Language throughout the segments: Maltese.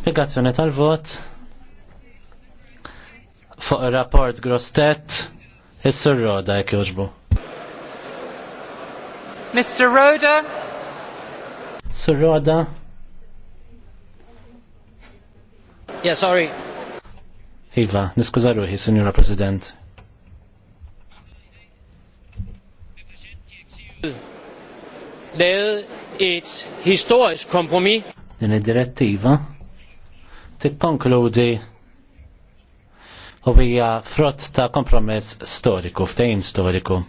Spiegazzjoni tal-vot fuq il-rapport Grostet is-Sur Roda jekk joġbu. Mr. Roda. Sur Roda. Yeah, sorry. Iva, niskużaruhi, ruħi, Signora President. lavet et historisk kompromis. Din id-direttiva tikkonkludi u hija frott ta' kompromess storiku, ftehim storiku.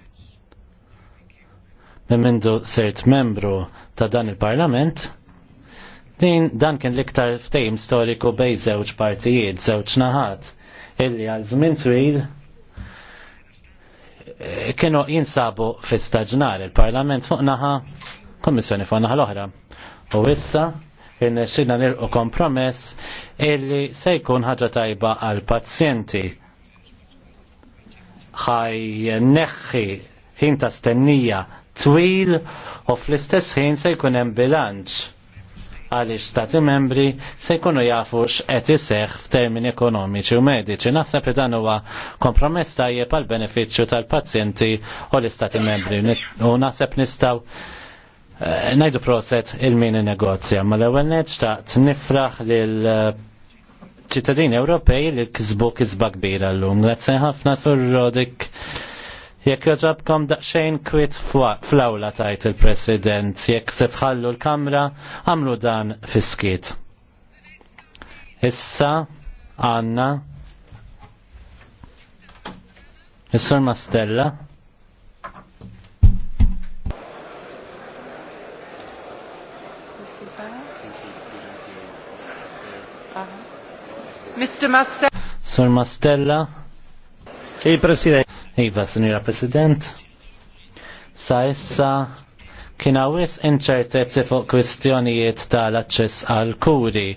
Minn mindu sirt membru ta' dan il-Parlament, din dan kien l-iktar ftehim storiku bej żewġ partijiet, żewġ naħat, illi għal żmien twil eh, kienu jinsabu fi staġnar il-Parlament fuq naħa kommissjoni fuq l-oħra. U issa in-nexxina nilqu kompromess illi se jkun ħaġa tajba għal pazjenti ħaj neħħi ħin ta' stennija twil u fl-istess ħin se jkun hemm bilanċ għaliex stati membri se jkunu jafu x'qed iseħħ f'termini ekonomiċi u mediċi. Naħseb li dan huwa kompromess tajjeb għal benefiċċju tal-pazjenti u l-istati membri u naħseb nistgħu Eh, najdu proset il-min negozja ma l-ewel t nifraħ lil eh, ċittadini Ewropej li kizbu kizba kbira l-lum. Grazie ħafna sur Rodik. Jekk joġabkom daqxejn kwit flawla tajt il-President, jekk se tħallu l-Kamra, għamlu dan fiskit. Issa, Anna Is-Sur Mastella, Mr. Mastella. Sur Mastella. president Iva, Signora President. Sa issa kien wis inċertezzi fuq kwistjonijiet tal-aċċess għal kuri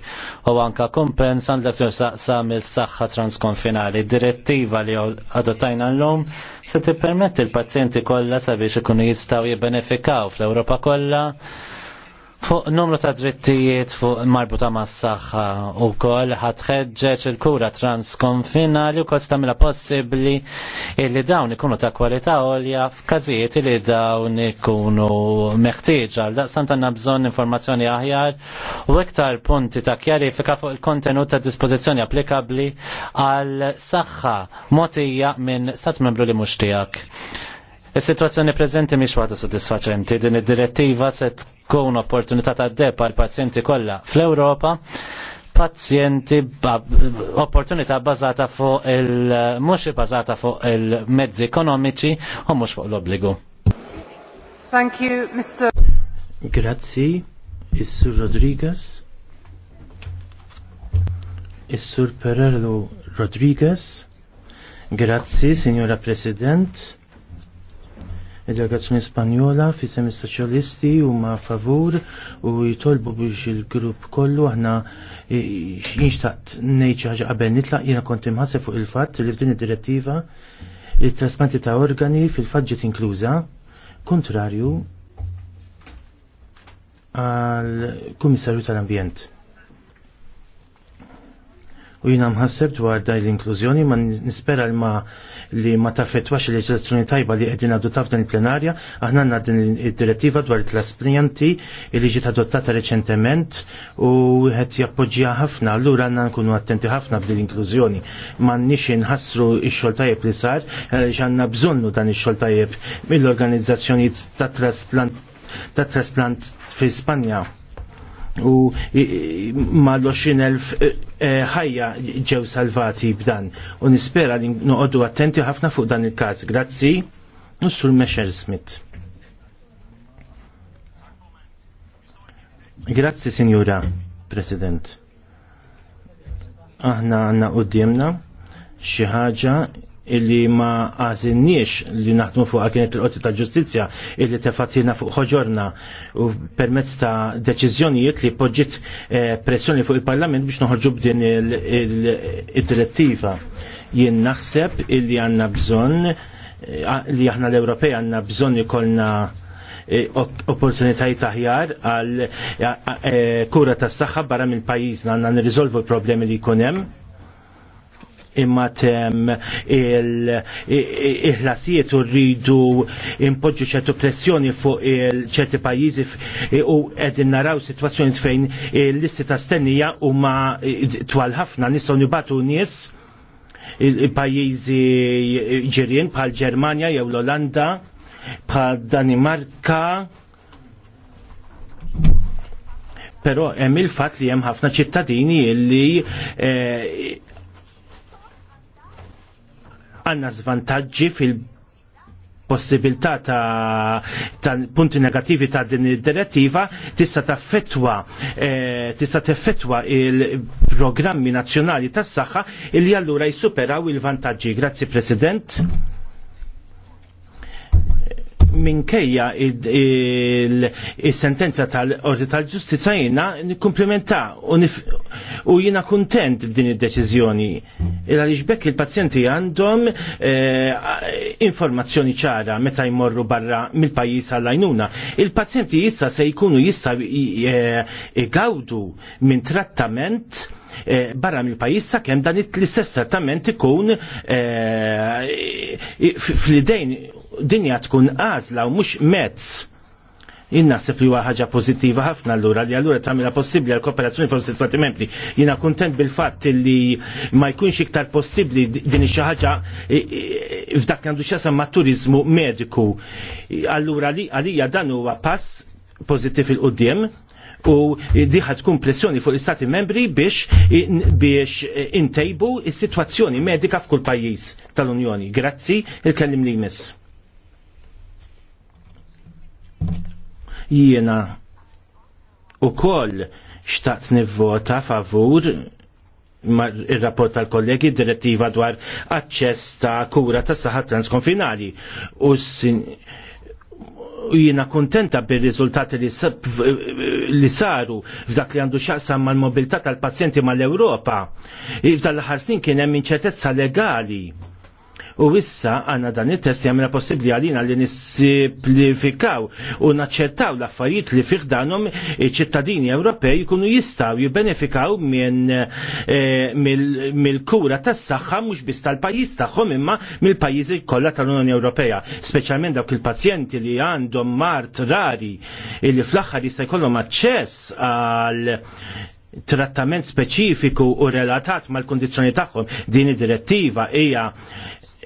u anka kumpens għandek tursaqsam mill saħħa transkonfinali. Direttiva li adottajna l-lum se tippermetti l pazjenti kollha sabiex ikunu jistgħu jibbenefikaw fl-Ewropa kollha Fuq numru ta' drittijiet fuq marbuta ma' s-saxħa u kol ħatħedġeċ il-kura transkonfina li u kol stamila possibli illi dawn ikunu ta' kwalità olja f'każijiet li dawn ikunu meħtieġa Da' santa għandna bżonn informazzjoni aħjar u iktar punti ta' kjarifika fuq il-kontenut ta' dispozizjoni applikabbli għal saħħa motija minn sat membru li mhux tiegħek. Is-sitwazzjoni prezenti mhix waħda soddisfaċenti din id-direttiva se tkun opportunità ta' deb għal pazjenti kollha fl-Ewropa pazjenti opportunità bazata fuq il mhux bażata fuq il-mezzi ekonomiċi u mhux fuq l-obbligu. Thank you, Mr. Grazzi, issur Rodriguez, Issur Perello Rodriguez, Grazzi, Signora President, Il-delegazzjoni Spanjola fis-semi soċjalisti huma favur u jitolbu biex il-grupp kollu aħna jinxtaqt ngħid xi ħaġa qabel nitlaq jiena kont imħasse fuq il-fatt li f'din id-direttiva il-trasplanti ta' organi fil-fatt ġiet inkluża kontrarju għal Kummissarju tal-Ambjent u jina mħasseb dwar daj l-inklużjoni ma nispera li ma li ma tafetwax il-leġislazzjoni tajba li qegħdin għadu taf il-plenarja aħna għandna din id-direttiva dwar it-trasplanti li ġiet adottata reċentement u qed jappoġġja ħafna allura għandna nkunu attenti ħafna b'din l-inklużjoni m'għandniex inħassru x-xogħol tajjeb li sar għaliex għandna bżonnu dan ix-xogħol tajjeb mill-organizzazzjoni ta' trasplant ta' trasplant fi Spanja u ma l-20.000 eh, eh, ħajja ġew salvati b'dan. U nispera li noqogħdu attenti ħafna fuq dan il-każ. Grazzi, u sur Mesher Smith. Grazzi, Signora President. Aħna għanna u xi ħaġa illi ma għazinniex li naħdmu fuqa kienet il-qotti ta' ġustizja illi tefatina fuq ħoġorna u permezz ta' deċizjonijiet li poġġit eh, pressjoni fuq il-parlament biex noħorġu b'din il-direttiva. Jien naħseb illi għanna bżon eh, li aħna l-Ewropej għanna bżon ikolna eh, opportunitajiet aħjar għal kura tas-saħħa barra mill-pajjiżna għandna nirriżolvu l-problemi li jkun hemm imma tem il-ħlasijiet u rridu impoġġu ċertu pressjoni fuq il-ċerti pajjiżi u għedin naraw sitwazzjoni fejn l-listi ta' stennija huma twal ħafna nistgħu nibatu nies pajjiżi ġirien bħal Ġermania jew l-Olanda bħal Danimarka Pero hemm il-fatt li hemm ħafna ċittadini li għandna żvantaġġi fil- possibilità ta', ta punti negativi ta' din id-direttiva tista' taffettwa eh, tista' teffettwa il-programmi nazzjonali tas-saħħa li allura jsuperaw il-vantaġġi. Grazzi President minkejja il-sentenza tal-ordi tal-ġustizza jina komplementa u jina kontent b'din id-deċizjoni. Il-għalix bekk il-pazjenti għandhom eh, informazzjoni ċara meta jmorru barra mill-pajis għall-għajnuna. Il-pazjenti jissa se jkunu jista eh, igawdu minn trattament eh, barra mill pajis kemm kem dan l-istess trattament ikun fl-idejn dinja tkun għażla u mhux mezz. Innaħseb li huwa ħaġa pożittiva ħafna allura li allura tamila possibbli għal kooperazzjoni fost l-Istati Membri. Jiena kuntent bil-fatt li ma jkunx iktar possibbli din xaħġa ħaġa f'dak għandu xasa ma' turizmu mediku. Allura li għalija dan huwa pass pozittiv il-qudiem u diħat tkun pressjoni fuq l-Istati membri biex biex eh, intejbu is-sitwazzjoni medika f'kull pajjiż tal-Unjoni. Grazzi, il-kellim li jmiss. Jiena koll xtaqt nivvota favur il-rapport tal-kollegi direttiva dwar aċċess ta' kura ta' saħħa transkonfinali u jiena kontenta bil riżultati li saru f'dak li għandu xaqsam mal-mobilità tal-pazjenti mal ewropa iftal l-ħar kien hemm inċertezza legali U issa għanna dan il-test jamra possibli għalina li nissiplifikaw u naċċertaw l-affarijiet li fiħdanhom iċ-ċittadini Ewropej jkunu jistaw jibbenefikaw minn eh, mill-kura tas-saħħa mhux biss tal-pajjiż tagħhom imma mill-pajjiżi kollha tal-Unjoni Ewropea, speċjalment dawk il-pazjenti li għandhom mart rari illi fl-aħħar jista' jkollhom aċċess għal trattament speċifiku u relatat mal-kondizjoni tagħhom din id-direttiva hija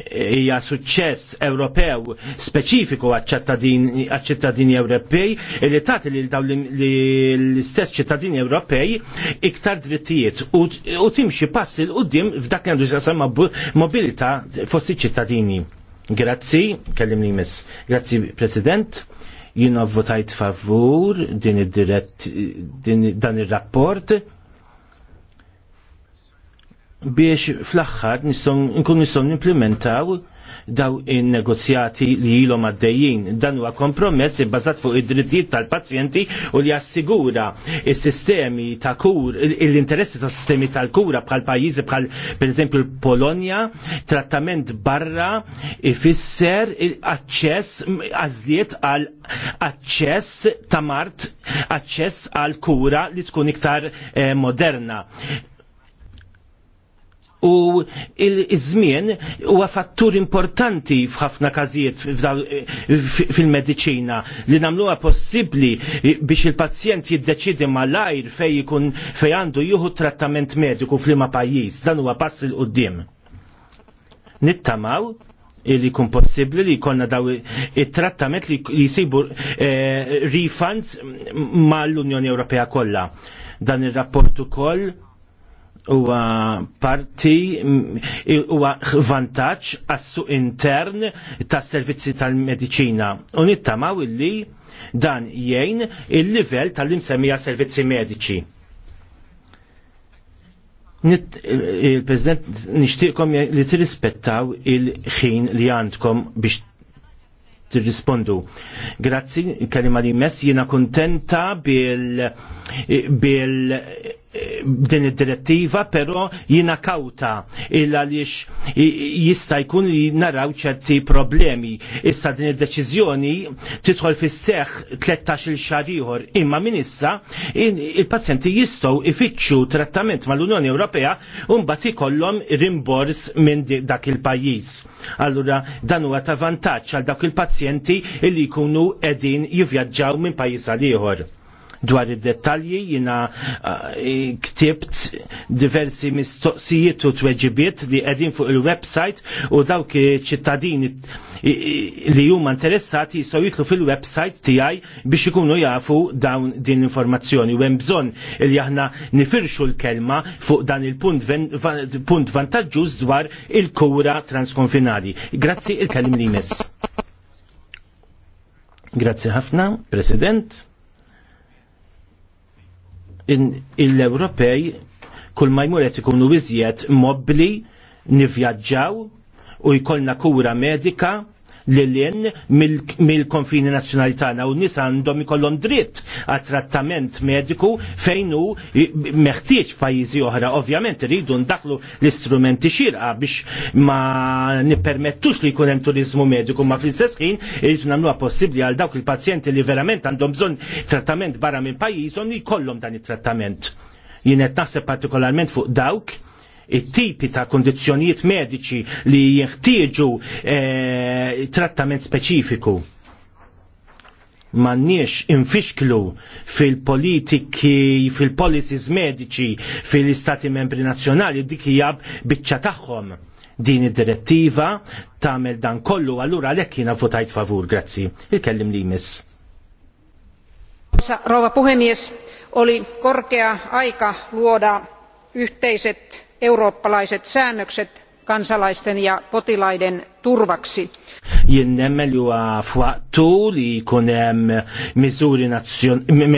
hija suċċess Ewropew speċifiku għaċ-ċittadini Ewropej li tagħti lil dawn l-istess ċittadini Ewropej iktar drittijiet u timxi passi l qudiem f'dak li għandu jisemma mobilità fost iċ-ċittadini. Grazzi, kellimni miss. Grazzi, President. Jina votajt favur din id-dirett, dan ir-rapport biex fl-axħar nkun nistgħu nimplementaw daw in-negozjati li ilhom għaddejjin. Dan huwa kompromess ibbażat fuq id-drittijiet tal-pazjenti u li jassigura is-sistemi ta' kur, l-interessi ta' sistemi tal-kura bħal pajjiżi bħal pereżempju l-Polonja, trattament barra ifisser aċċess għażliet għal aċċess ta' mart, aċċess għal kura li tkun iktar eh, moderna u il-żmien huwa fattur importanti f'ħafna każijiet fil-mediċina li nagħmluha possibbli biex il-pazjent jiddeċidi malajr fej jkun fej għandu juhu trattament mediku fl-ima pajjiż dan huwa pass il qudiem Nittamaw li jkun possibbli li jkollna daw it-trattament li jisibu eh, refunds refunds mal unjoni Ewropea kollha. Dan ir-rapport ukoll huwa parti mm, huwa vantaġġ għas-suq intern tas-servizzi tal-mediċina. U nittamaw illi dan jgħin il-livell tal-imsemmija servizzi mediċi. Il-President nixtieqkom li tirrispettaw il-ħin li għandkom biex tirrispondu. Grazzi, kalima li mess, jina kontenta bil, bil din id-direttiva, però jina kauta illa lix jista' jkun li naraw ċerti problemi. Issa din id-deċiżjoni tidħol fis-seħ 13-il xahar ieħor, imma minn issa il-pazjenti jistgħu ifittxu trattament mal-Unjoni Ewropea u mbagħad ikollhom rimbors minn dak il-pajjiż. Allura dan huwa ta' vantaġġ għal dak il-pazjenti li jkunu qegħdin jivvjaġġaw minn pajjiż għal ieħor. Dwar id-dettalji jina ah, ktibt diversi mistoqsijiet u tweġibiet li qegħdin fuq il-website u dawk ċittadini li huma interessati jistgħu jitlu fil-website tiegħi biex ikunu jafu dawn din l-informazzjoni u bżon bżonn li aħna nifirxu l-kelma fuq dan il-punt punt vantaġġuż dwar il-kura transkonfinali. Grazzi il-kelm li jmiss. Grazzi ħafna, President l-Ewropej kull ma jmur qed ikunu iżjed mobbli nivjaġġaw, u jkollna kura medika l mill-konfini nazjonali tagħna u nisa għandhom ikollhom dritt għat trattament mediku fejn hu meħtieġ f'pajjiżi oħra. Ovvjament iridu ndaħlu l-istrumenti xirqa biex ma nippermettux li jkun hemm turizmu mediku ma fl-istess ħin iridu nagħmluha possibbli għal dawk il-pazjenti li verament għandhom bżonn trattament barra minn pajjiżhom li jkollhom dan it-trattament. Jien qed naħseb partikolarment fuq dawk it-tipi ta' kondizjonijiet mediċi li jeħtieġu e, trattament speċifiku. Manniex infixklu fil-politiki, fil-policies mediċi, fil-istati membri nazzjonali dik hija biċċa tagħhom din id-direttiva tagħmel dan kollu allura għalhekk jiena votajt favur, grazzi. Il-kellim li jmiss. Rova puhemies, oli korkea aika luoda yhteiset eurooppalaiset säännökset kansalaisten ja potilaiden turvaksi. Jien nemmelju huwa li jkun hemm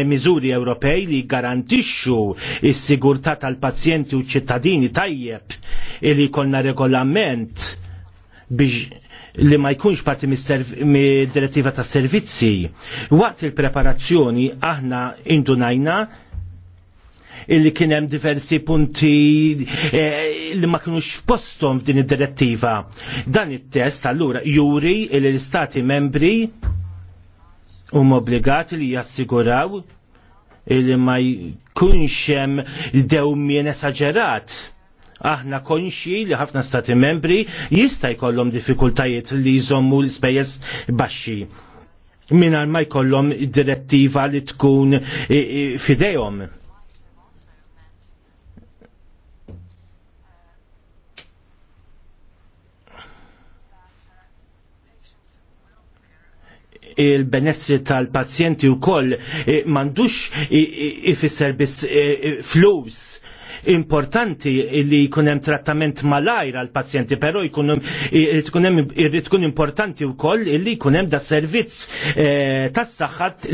miżuri Ewropej li jgarantixxu s-sigurtà tal-pazjenti u ċittadini tajjeb e li jkollna regolament biex li ma jkunx parti mid-direttiva tas servizzi. Waqt il-preparazzjoni aħna indunajna illi kien hemm diversi punti eh, li ma kinux f'postom f'din id-direttiva. Dan it-test allura juri li l-istati membri huma obbligati li jassiguraw illi ma jkunx hemm dewmien esaġerat aħna konxi li ħafna stati membri jista' jkollhom diffikultajiet li jżommu l-ispejjeż baxxi minar ma jkollhom direttiva li tkun fidejhom. il-benessri tal-pazjenti u koll e, mandux ifisser bis e, e, flus importanti li jkunem trattament malajr għal pazjenti pero jkunem tkun importanti u koll li jkunem da servizz tas saħħat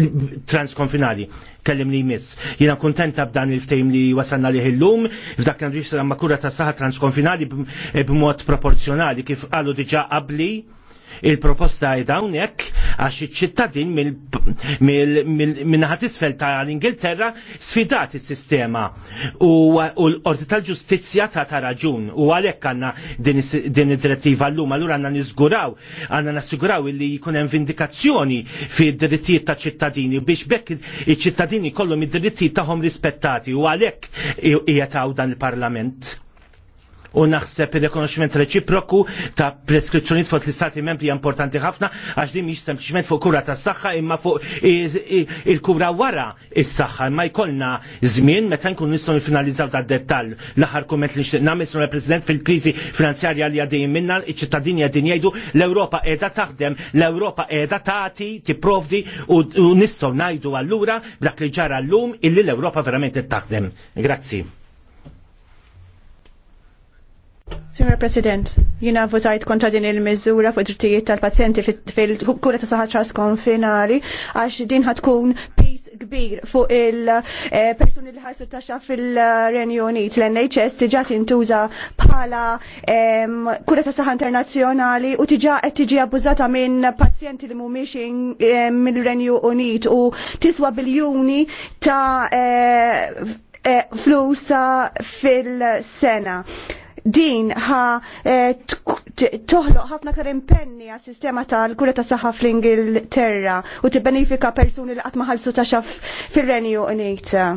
transkonfinali kellim li jmiss. Jina kontenta b'dan il-ftejm li wasanna li hillum, f'dak kan ma kura tas saħħa transkonfinali b'mod proporzjonali kif għallu diġa qabli il-proposta hawnhekk għax iċ-ċittadin minnaħat isfel tal-Ingilterra sfidat il sistema u l-Qorti tal-Ġustizzja ta' ta' raġun u għalhekk għandna din id-direttiva llum allura għandna niżguraw għandna nassiguraw li jkun hemm vindikazzjoni fid-drittijiet ta' ċittadini biex bekk iċ-ċittadini kollhom id-drittijiet tagħhom rispettati u għalhekk jgħataw dan il-Parlament u naħseb ir-rekonoxximent reċiproku ta' preskrizzjonijiet fuq l-istati membri importanti ħafna għax din mhix sempliċement fuq kura tas-saħħa imma fuq il-kura wara is-saħħa imma jkollna żmien meta nkunu nistgħu nifinalizzaw da' dettall. L-aħħar kumment li nixtieq nagħmel sur President fil-kriżi finanzjarja li għaddejjin minna iċ-ċittadini għaddin jgħidu l-Ewropa qiegħda taħdem, l-Ewropa qiegħda tagħti, tipprovdi u nistgħu ngħidu allura dak li ġara llum illi l-Ewropa verament taħdem. Grazzi. Signor President, jina votajt kontra din il-mizzura fuq drittijiet tal-pazjenti fil-kura ta' saħħa traskonfinali għax din ħatkun pis kbir fuq il-persuni eh, li ħarsu taxxa fil-Renju Unit. L-NHS tiġa tintuża bħala kura ta' saħħa internazzjonali u tiġa qed tiġi abbużata minn pazjenti li mhumiex mill-Renju Unit u tiswa biljuni ta' eh, eh, flusa fil-sena din ha eh, toħloq ħafna kar impenni għas sistema tal-kura ta' saħħa fl-Ingilterra u tibbenifika persuni li qatt ma ħallsu ta' xaf fir-Renju Unita.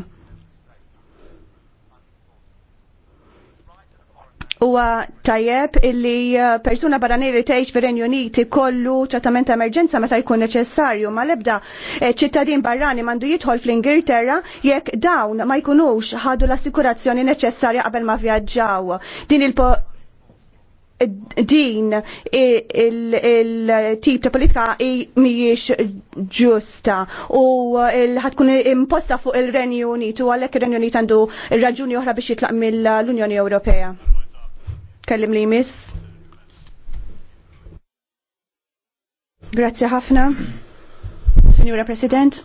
huwa tajjeb illi uh, persuna li tgħix fir-Renju Uniti kollu trattament ta' emerġenza meta jkun neċessarju ma lebda eh, ċittadin barrani mandu jidħol fl-Ingilterra jekk dawn ma jkunux ħadu l-assikurazzjoni neċessarja qabel ma vjaġġaw. Din il din il-tip ta' politika mhijiex ġusta u eh, ħatkun imposta fuq il-Renju Unit u għalhekk ir-Renju Unit għandu raġuni oħra biex jitlaq mill-Unjoni Ewropea. Kellim li jmiss. Grazzi ħafna. Signora President.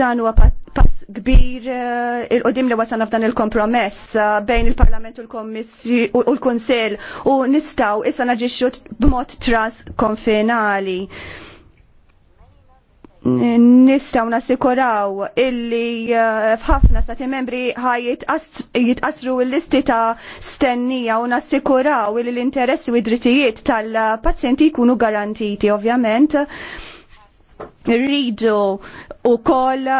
Dan huwa pass kbir eh, il qudiem li wasalna f'dan il-kompromess eh, bejn il-Parlament u l-Kunsill u nistgħu issa naġixxu b'mod trans konfinali nistaw nasikoraw illi eh, fħafna stati membri ħaj jitqasru l-listi ta' stennija u nasikoraw illi l-interessi u id-drittijiet tal-pazjenti jkunu garantiti, ovvjament. Rridu u koll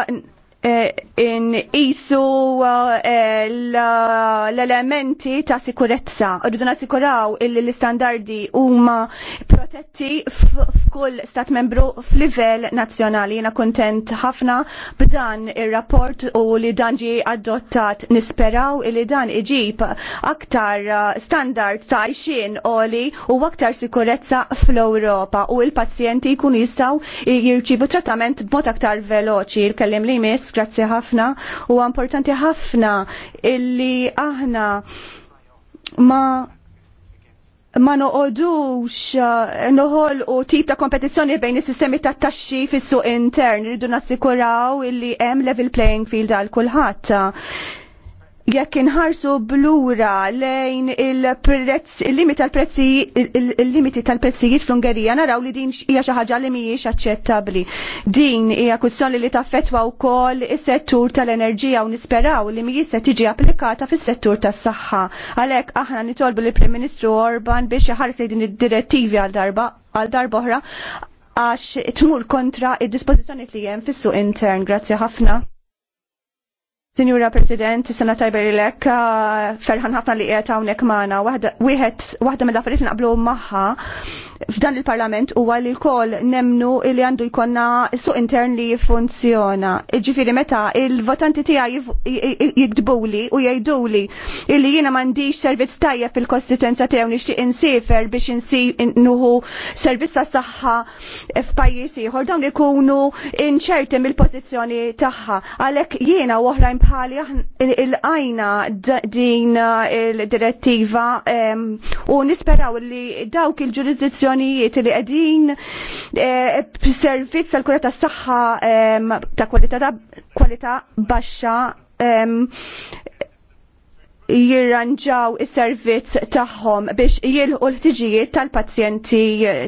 Eh, isu eh, l-elementi ta' sikurezza. Rridu nasikuraw illi l-istandardi huma protetti f'kull stat membru f'livell nazzjonali. Jiena kuntent ħafna b'dan ir-rapport u li dan ġi adottat nisperaw illi dan iġib aktar eh, standard ta' xin oli u aktar sikurezza fl-Ewropa u l-pazjenti jkunu jistgħu jirċivu trattament b'mod aktar veloċi. Il-kellim li jmiss grazzi ħafna. U importanti ħafna illi aħna ma ma noqodux eh, noħol u tip ta' kompetizzjoni bejn is-sistemi ta' taxxi fis-suq intern, rridu nassikuraw illi hemm level playing field għal kulħadd jekk inħarsu blura lejn il-prezz il-limit tal-prezzi il-limiti tal-prezzijiet fl-Ungerija naraw li din hija xi ħaġa li mhijiex aċċettabbli. Din hija kwistjoni li taffettwa wkoll is-settur tal-enerġija u nisperaw li mhijiex se tiġi applikata fis-settur tas-saħħa. Għalhekk aħna nitolbu lill-Prim Ministru Orban biex iħarsi din id-direttivi għal darba għal darba oħra għax tmur kontra id-dispożizzjoni li hemm fis-suq intern. Grazzi ħafna. Sinjura President, sena tajber lek, uh, ferħan ħafna li qiegħed hawnhekk magħna, waħda mill-affarijiet naqblu magħha f'dan il-parlament u għal il-kol nemnu li għandu jkonna su intern li jifunzjona. Ġifiri meta il-votanti tija li u il li jina mandiġ servizz tajja fil kostitenza tijaw nixtieq insifer biex innuhu servizz ta' saħħa f'pajjiż ieħor li ikunu inċerti mill-pożizzjoni tagħha. Għalhekk jiena u oħrajn bħali il-għajna din il-direttiva u nisperaw li dawk il-ġurisdizzjoni professjonijiet li qegħdin b'servizz eh, tal-kura tas-saħħa ehm, ta' kwalità kwalità baxxa ehm, jirranġaw is-servizz tagħhom biex jilħu l-ħtiġijiet tal-pazjenti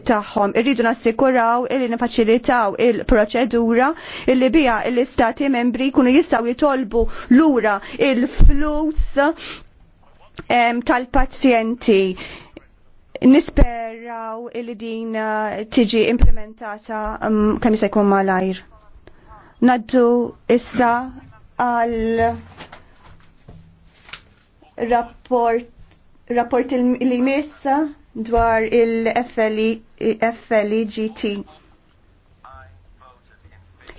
tagħhom. Irridu nassikuraw illi nifaċilitaw il-proċedura illi biha l-istati membri jkunu jistgħu jitolbu lura il-flus ehm, tal-pazjenti nisperaw illi din uh, tiġi implementata um, kemm se jkun malajr. Naddu issa għal rapport rapport li messa dwar il-FLEGT.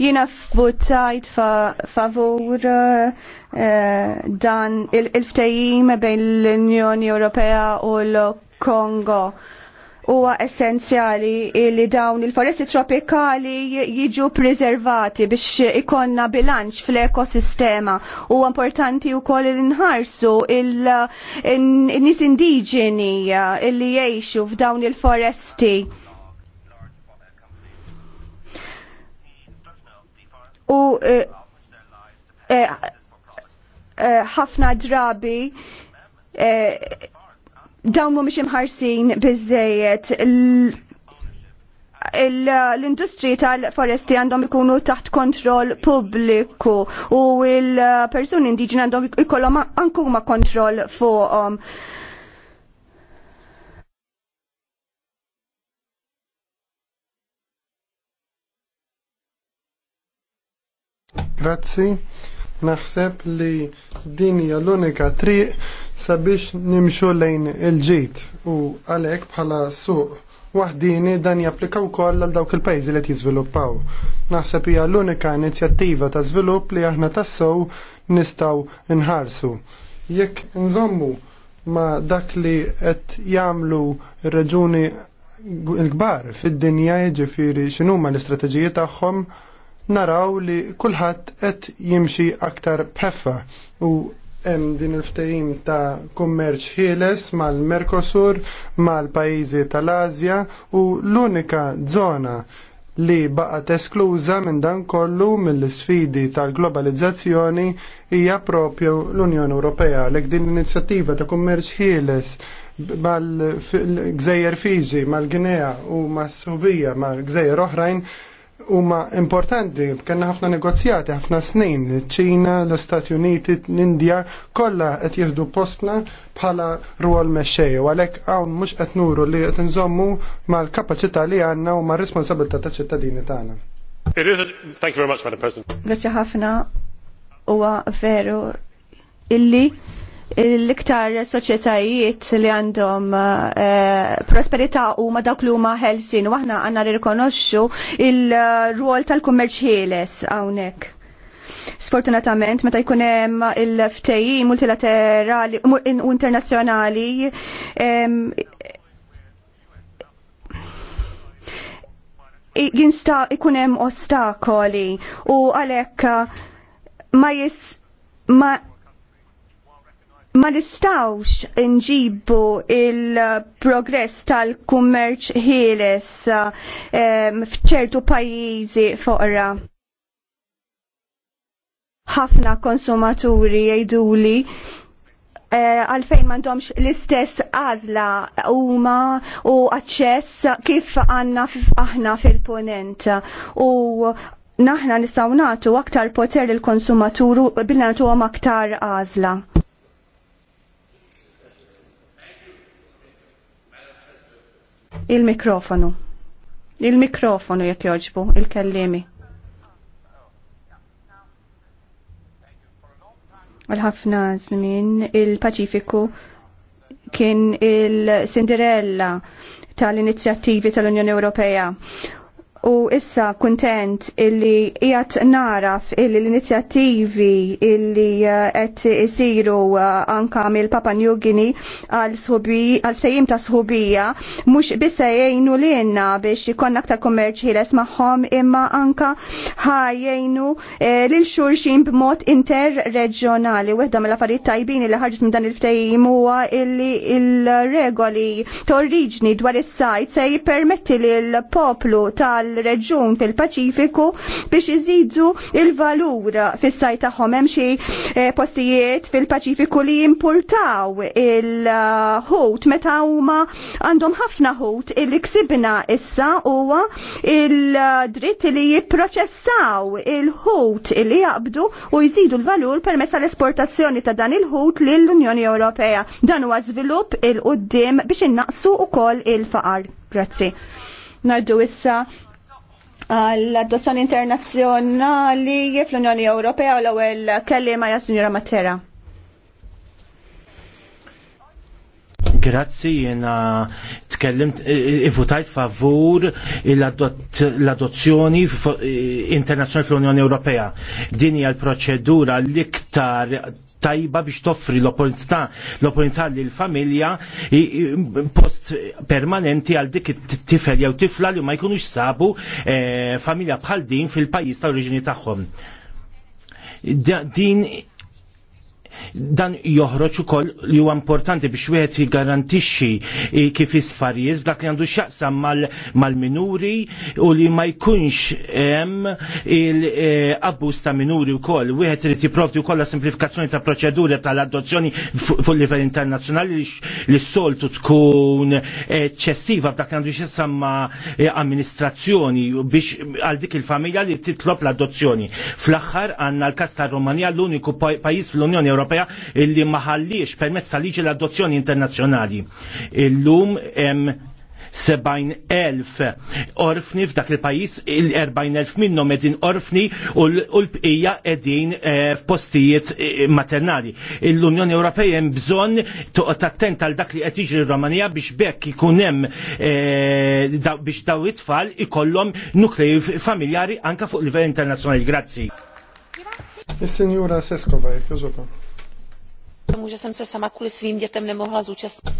Jina votajt fa favur uh, dan il-ftajim bejn l-Unjoni Ewropea u l ok Kongo huwa essenzjali li dawn il-foresti tropikali jiġu preservati biex ikonna bilanċ fl-ekosistema. Huwa importanti wkoll li nħarsu il-nies indiġeni li jgħixu f'dawn il-foresti. U eh, eh, eh, ħafna drabi dawn mhumiex imħarsin biżejjed l-industri tal-foresti għandhom ikunu taħt kontroll pubbliku u l-persuni indiġeni għandhom ikollhom ankuma kontroll fuqhom. Grazzi. Naħseb li din hija l-unika triq sabiex nimxu lejn il-ġid u għalhekk bħala suq waħdini dan japplika wkoll għal dawk il-pajjiżi li jiżviluppaw. Naħseb hija l-unika inizjattiva ta' żvilupp li aħna tassew nistgħu nħarsu. Jekk nżommu ma' dak li qed jagħmlu r reġuni l-kbar fid-dinja jiġifieri x'inhuma l-istrateġiji tagħhom naraw li kulħadd qed jimxi aktar bħeffa u hemm din il-ftehim ta' kummerċ ħieles mal-Merkosur, mal-pajjiżi tal-Asja u l-unika żona li baqgħet eskluża minn dan kollu mill-isfidi tal-globalizzazzjoni hija propju l-Unjoni Ewropea. Lek din l-inizjattiva ta' kummerċ ħieles mal-Gżejjer Fiġi, mal-Ginea u mas-Subija, mal-Gżejjer oħrajn huma importanti, kellna ħafna negozjati, ħafna snin, ċina, l-Istati Uniti, l-Indja, kollha qed jieħdu postna bħala rwol mexxej, u għalhekk hawn mhux qed nuru li qed nżommu mal-kapaċità li għandna u mar-responsabilità taċ ċittadini tagħna. Thank you very much, Madam President. Grazie ħafna huwa veru illi l-iktar soċjetajiet li għandhom prosperita eh, prosperità u ma dawk li huma ħelsin u aħna għandna rikonoxxu il-rwol tal-kummerċ ħieles hawnhekk. Sfortunatament, meta jkun hemm il-ftejji multilaterali u internazzjonali jinsta ikun hemm ostakoli u għalhekk ma jis ma ma nistawx nġibu il-progress tal-kummerċ ħieles eh, fċertu pajjiżi foqra. Ħafna konsumaturi jgħiduli eh, għalfejn uh, mandomx l-istess għazla huma u aċċess kif għanna aħna fil-ponent u naħna nistaw natu aktar poter il-konsumaturu bil-natu aktar għazla. Il-mikrofonu. Il-mikrofonu jekk joġbu, il-kellimi. Għal-ħafna żmien il-Paċifiku kien il-Cinderella tal-inizjattivi tal-Unjoni Ewropea u issa kuntent illi jgħat naraf illi l-inizjattivi illi eh, qed isiru eh, anka mill papa New Guinea għal fejjim ta' sħubija mhux bissa jgħinu lilna biex ikonna aktar kummerċ ħieles magħhom imma anka ħajjejnu eh, lil xulxin b'mod interreġjonali. Weħda mill-affarijiet tajbin li ħarġet minn dan il fejjim huwa illi il-regoli torriġni dwar is-sajt se jippermetti l poplu tal tal reġjun fil-Paċifiku biex iżidu il-valur fis-sajt tagħhom hemm xi eh, postijiet fil-Paċifiku li jimpurtaw il-ħut meta huma għandhom ħafna ħut illi ksibna issa huwa il-dritt li jipproċessaw il-ħut illi jaqbdu u jżidu l-valur permezz tal-esportazzjoni ta' dan il-ħut lill-Unjoni Ewropea. Dan huwa żvilupp il-qudiem biex innaqsu ukoll il-faqar. Grazzi. Nardu issa għall-adozzjoni internazzjonali fl-Unjoni Ewropea u l-ewwel kellima ja' Sinjura Matera. Grazzi, jena tkellimt, votajt favur l-adozzjoni internazzjonali fl-Unjoni Ewropea. Din hija l-proċedura l-iktar tajba biex toffri l-opportunità l-opportunità li l-familja post permanenti għal dik it-tifel jew tifla li ma jkunux sabu eh, familja bħal din fil-pajjiż ta' oriġini tagħhom. Din dan joħroġ ukoll li huwa importanti biex wieħed jiggarantixxi eh, kif isfarijiet f'dak li għandu x'jaqsam mal-minuri mal u li ma jkunx hemm il-abbuż eh, ta' minuri wkoll. Wieħed irid jipprovdi wkoll la simplifikazzjoni ta' proċedura tal-adozzjoni fuq livell internazzjonali li s-soltu tkun eċċessiva f'dak li għandu x'jaqsam ma' eh, amministrazzjoni biex għal dik il-familja li titlob l-adozzjoni. Fl-aħħar għandna l-każ ta' rumanija l-uniku pajjiż fl-Unjoni Ewropea illi maħallix permezz ta' liġi l-adozzjoni internazzjonali. Illum hemm 70.000 orfni f'dak il-pajis, il-40.000 minnom edin orfni u l-bqija edin eh, f'postijiet eh, maternali. L-Unjoni Ewropea hemm bżonn toqgħod attent għal dak li qed jiġri r-Romanija biex bekk ikun hemm eh, biex daw it-tfal ikollhom nuklei familjari anka fuq livell internazzjonali. Grazzi. Is-Sinjura Seskova, Tomu, se sama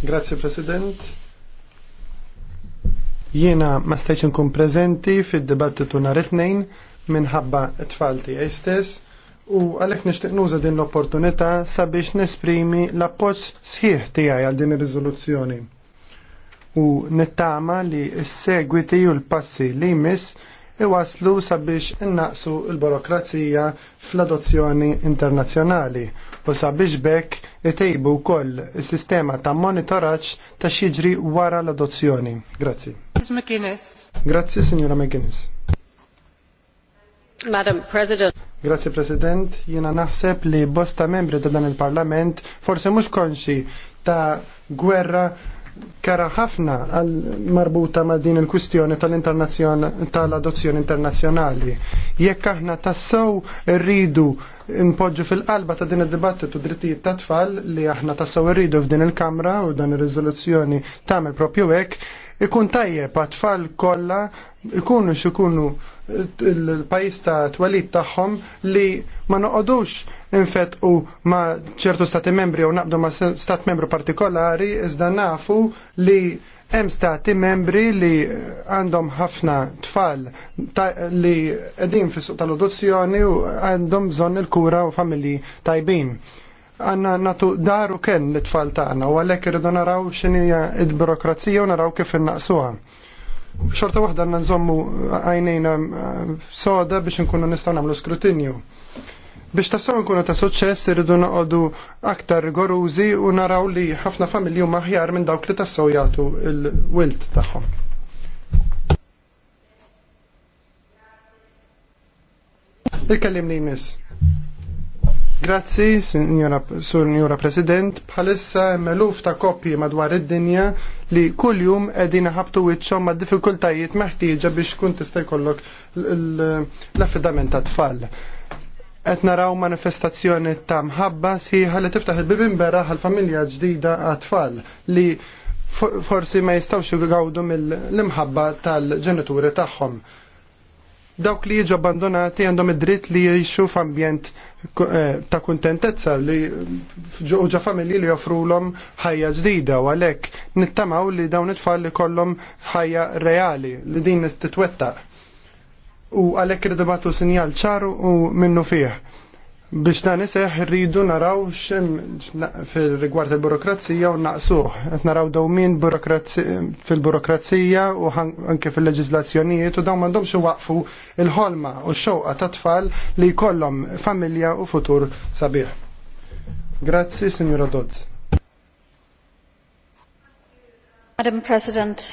Grazie, President. Jiena ma stajċ nkun preżenti fid-dibattitu nhar it-tnejn minħabba t-tfal tiegħi stess u għalhekk nixtieq nuża din l-opportunità sabiex nesprimi l-appoġġ sħiħ tiegħi għal din ir-riżoluzzjoni. U nittama li s-segwiti u l-passi li jmiss iwaslu sabiex innaqsu l-burokrazija fl-adozzjoni internazzjonali u sabiex bekk itejbu koll is-sistema ta' monitoraċ ta' xieġri wara l-adozzjoni. Grazzi. Grazzi, Signora McGuinness. Madam President. Grazie President, jena naħseb li bosta membri ta' dan il-Parlament forse mux konxi ta' gwerra kara ħafna marbuta ma' din il-kwistjoni tal-adozzjoni internazzjonali. Jekk aħna tassaw rridu npoġġu fil-qalba ta' din id-dibattitu drittijiet ta' tfal li aħna tassaw rridu f'din il-Kamra u dan ir-riżoluzzjoni tagħmel propju hekk, ikun tajjeb għat-tfal kollha ikunu xikunu il-pajis ta' twelid tagħhom li ma noqodux infet u ma' ċertu stati membri u naqbdu ma' stat membru partikolari iżda nafu li hemm stati membri li għandhom ħafna tfal li qegħdin fis-suq tal-adozzjoni u għandhom bżonn il-kura u familji tajbin għanna natu daru kien l-tfal tagħna u għalhekk irridu naraw xinija id burokrazija u naraw kif innaqsuha xorta waħda għanna nżommu għajnejna eh, soda biex nkunu nistaw namlu skrutinju. Biex tassaw nkunu ta' suċċess irridu noqogħdu aktar rigorużi u naraw li ħafna familji huma aħjar minn dawk li tassaw jagħtu il-wilt tagħhom. Il-kellim li jmiss. Grazzi, Signora President. Bħalissa hemm eluf ta' koppji madwar id-dinja li kuljum qegħdin ħabtu wiċċhom ma' diffikultajiet meħtieġa biex kun tista' jkollok l-affidament ta' tfal. Qed naraw manifestazzjoni ta' mħabba siħa li tiftaħ il-bibin beraħ għal-familja ġdida għat-tfal li forsi ma jistawx għawdu mill-imħabba tal-ġenituri tagħhom. Dawk li jiġu abbandonati għandhom id-dritt li jgħixu f'ambjent Eh, ta' kuntentezza li ġa familji li joffrulhom ħajja ġdida u għalhekk nittamaw li dawn it-tfal li kollom ħajja reali li din titwettaq u għalhekk irdu sinjal ċaru u minnu fieħ. Biex dan niseħ rridu naraw xem fil-rigward il-burokrazija u naqsuh. Qed naraw dawmin fil-burokrazija u anke fil-leġizlazzjonijiet u dawn m'għandhomx waqfu il-ħolma u xoqa xewqa ta' tfal li jkollhom familja u futur sabiħ. Grazzi, Signora Dodz. Madam President.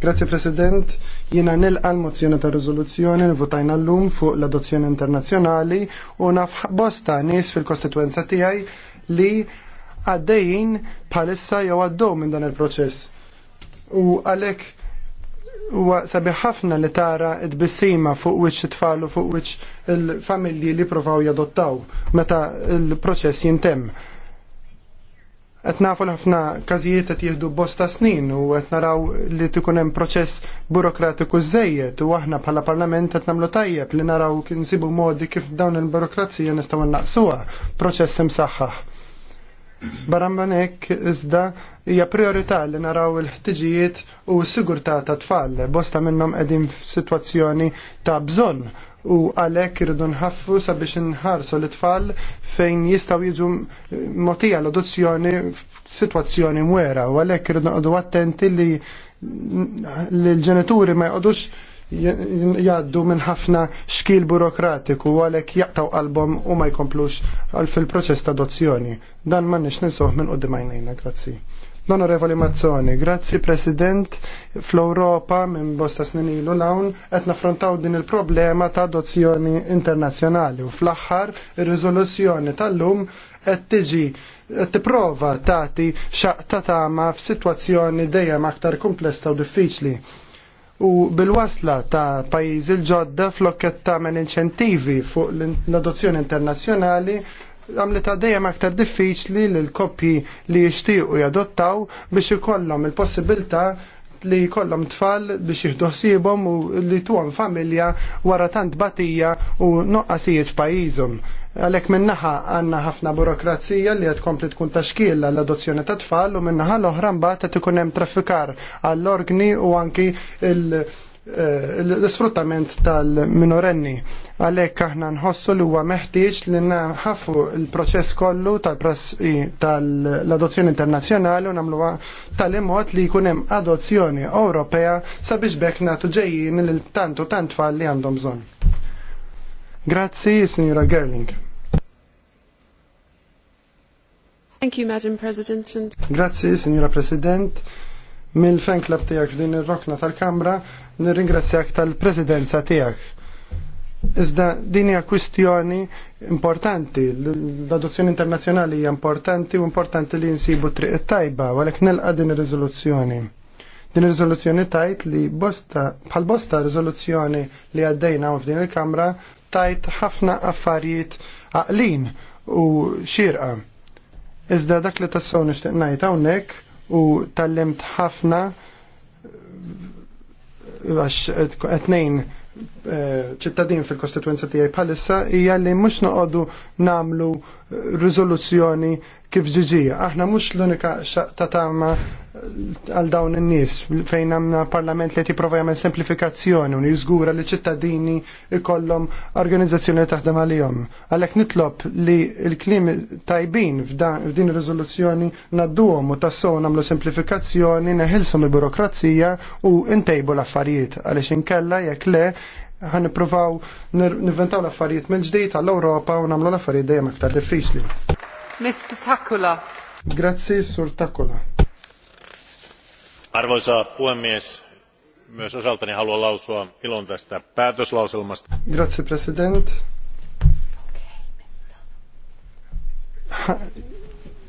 Grazie President, jiena nilqa l-mozzjoni ta' riżoluzzjoni li votajna llum fuq l-adozzjoni internazzjonali u naf bosta nies fil-kostituenza tiegħi li għaddejjin bħalissa jew għaddew minn dan il-proċess. U għalhekk huwa sabiħ ħafna li tara tbissima fuq wiċċ it-tfal u fuq wiċċ il-familji li provaw jadottaw meta l proċess jintemm qed nafu l-ħafna każijiet qed jieħdu bosta snin u qed naraw li tikun hemm proċess burokratiku zzejiet u aħna bħala parlament qed nagħmlu tajjeb li naraw kinsibu modi kif dawn il-burokrazija nistgħu naqsuha proċess imsaħħaħ. Barra iżda hija priorità li naraw il-ħtiġijiet u s-sigurtà ta' tfal bosta minnhom qegħdin f'sitwazzjoni ta' bżonn u għalhekk irridu nħaffu sabiex inħarsu l-tfal fejn jistgħu jiġu motija l-adozzjoni f'sitwazzjoni mwera u għalhekk irridu għadu attenti li l-ġenituri ma jgħadux jgħaddu minn ħafna xkil burokratiku u għalek jaqtaw qalbhom u ma jkomplux fil-proċess ta' adozzjoni. Dan ma nix ninsuħ minn qoddim għajnejna, grazzi. L-Onorevoli Mazzoni, grazzi President, fl-Europa minn bosta snin ilu lawn qed naffrontaw din il-problema ta' adozzjoni internazzjonali u fl-aħħar ir-riżoluzzjoni tal-lum qed tiġi qed tipprova tagħti xaqta tama f'sitwazzjoni dejjem aktar komplessa u diffiċli u bil-wasla ta' pajizi ġodda flokket ta' men inċentivi fuq l-adozzjoni internazjonali għamlita dejjem aktar diffiċli li l-koppji li jixtiequ jadottaw biex ikollhom il-possibilità li jkollhom tfal biex jieħdu u li tuhom familja wara tant batija u noqqasijiet f'pajjiżhom. Għalhekk min-naħa għandna ħafna burokrazija li qed tkompli tkun taxkil għall adozzjoni ta' tfal u min-naħa l-oħra mbagħad qed ikun hemm traffikar għall-organi u anki il- Eh, l-sfruttament tal-minorenni. Għalhekk aħna nħossu li huwa meħtieġ li naħafu l-proċess kollu tal-adozzjoni internazzjonali u nagħmluha tal mod li jkun hemm adozzjoni Ewropea sabiex bekk nagħtu ġejjin lil tantu tant tfal li għandhom bżonn. Grazzi, signora Gerling. Thank you, Madam President. Grazie, signora President mill-fan club tijak f'din il-rokna tal-kamra nirringrazzjak tal-presidenza tijak. Iżda din hija kwistjoni importanti, l-adozzjoni internazzjonali hija importanti u importanti li nsibu triq it-tajba, għalhekk nelqa din ir-riżoluzzjoni. Din ir-riżoluzzjoni tajt li bosta bħal bosta riżoluzzjoni li għaddejna f'din il-kamra tajt ħafna affarijiet għaqlin u xirqa. Iżda dak li tassaw nixtieq ngħid hawnhekk u tallimt ħafna għax etnejn eh, ċittadin fil-kostituenza tiegħi bħalissa hija li mhux noqogħdu nagħmlu eh, riżoluzzjoni kif ġiġija. Aħna mhux l-unika ta' tama għal dawn in-nies fejn għandna parlament li jipprova jagħmel semplifikazzjoni u jiżgura li ċittadini ikollhom organizzazzjoni li taħdem għalihom. Għalhekk nitlob li l-kliem tajbin f'din ir-riżoluzzjoni nadduhom u tassew nagħmlu semplifikazzjoni, neħilsom il-burokrazija u ntejbu l-affarijiet għaliex inkella jekk le ħan nippruvaw nivventaw l-affarijiet mill-ġdid għall-Ewropa u nagħmlu l-affarijiet dejjem aktar diffiċli. Mr. Takula. Grazzi, Sur Takula. Arvoisa puhemies, myös osaltani haluan lausua ilon tästä päätöslauselmasta. Grazie president.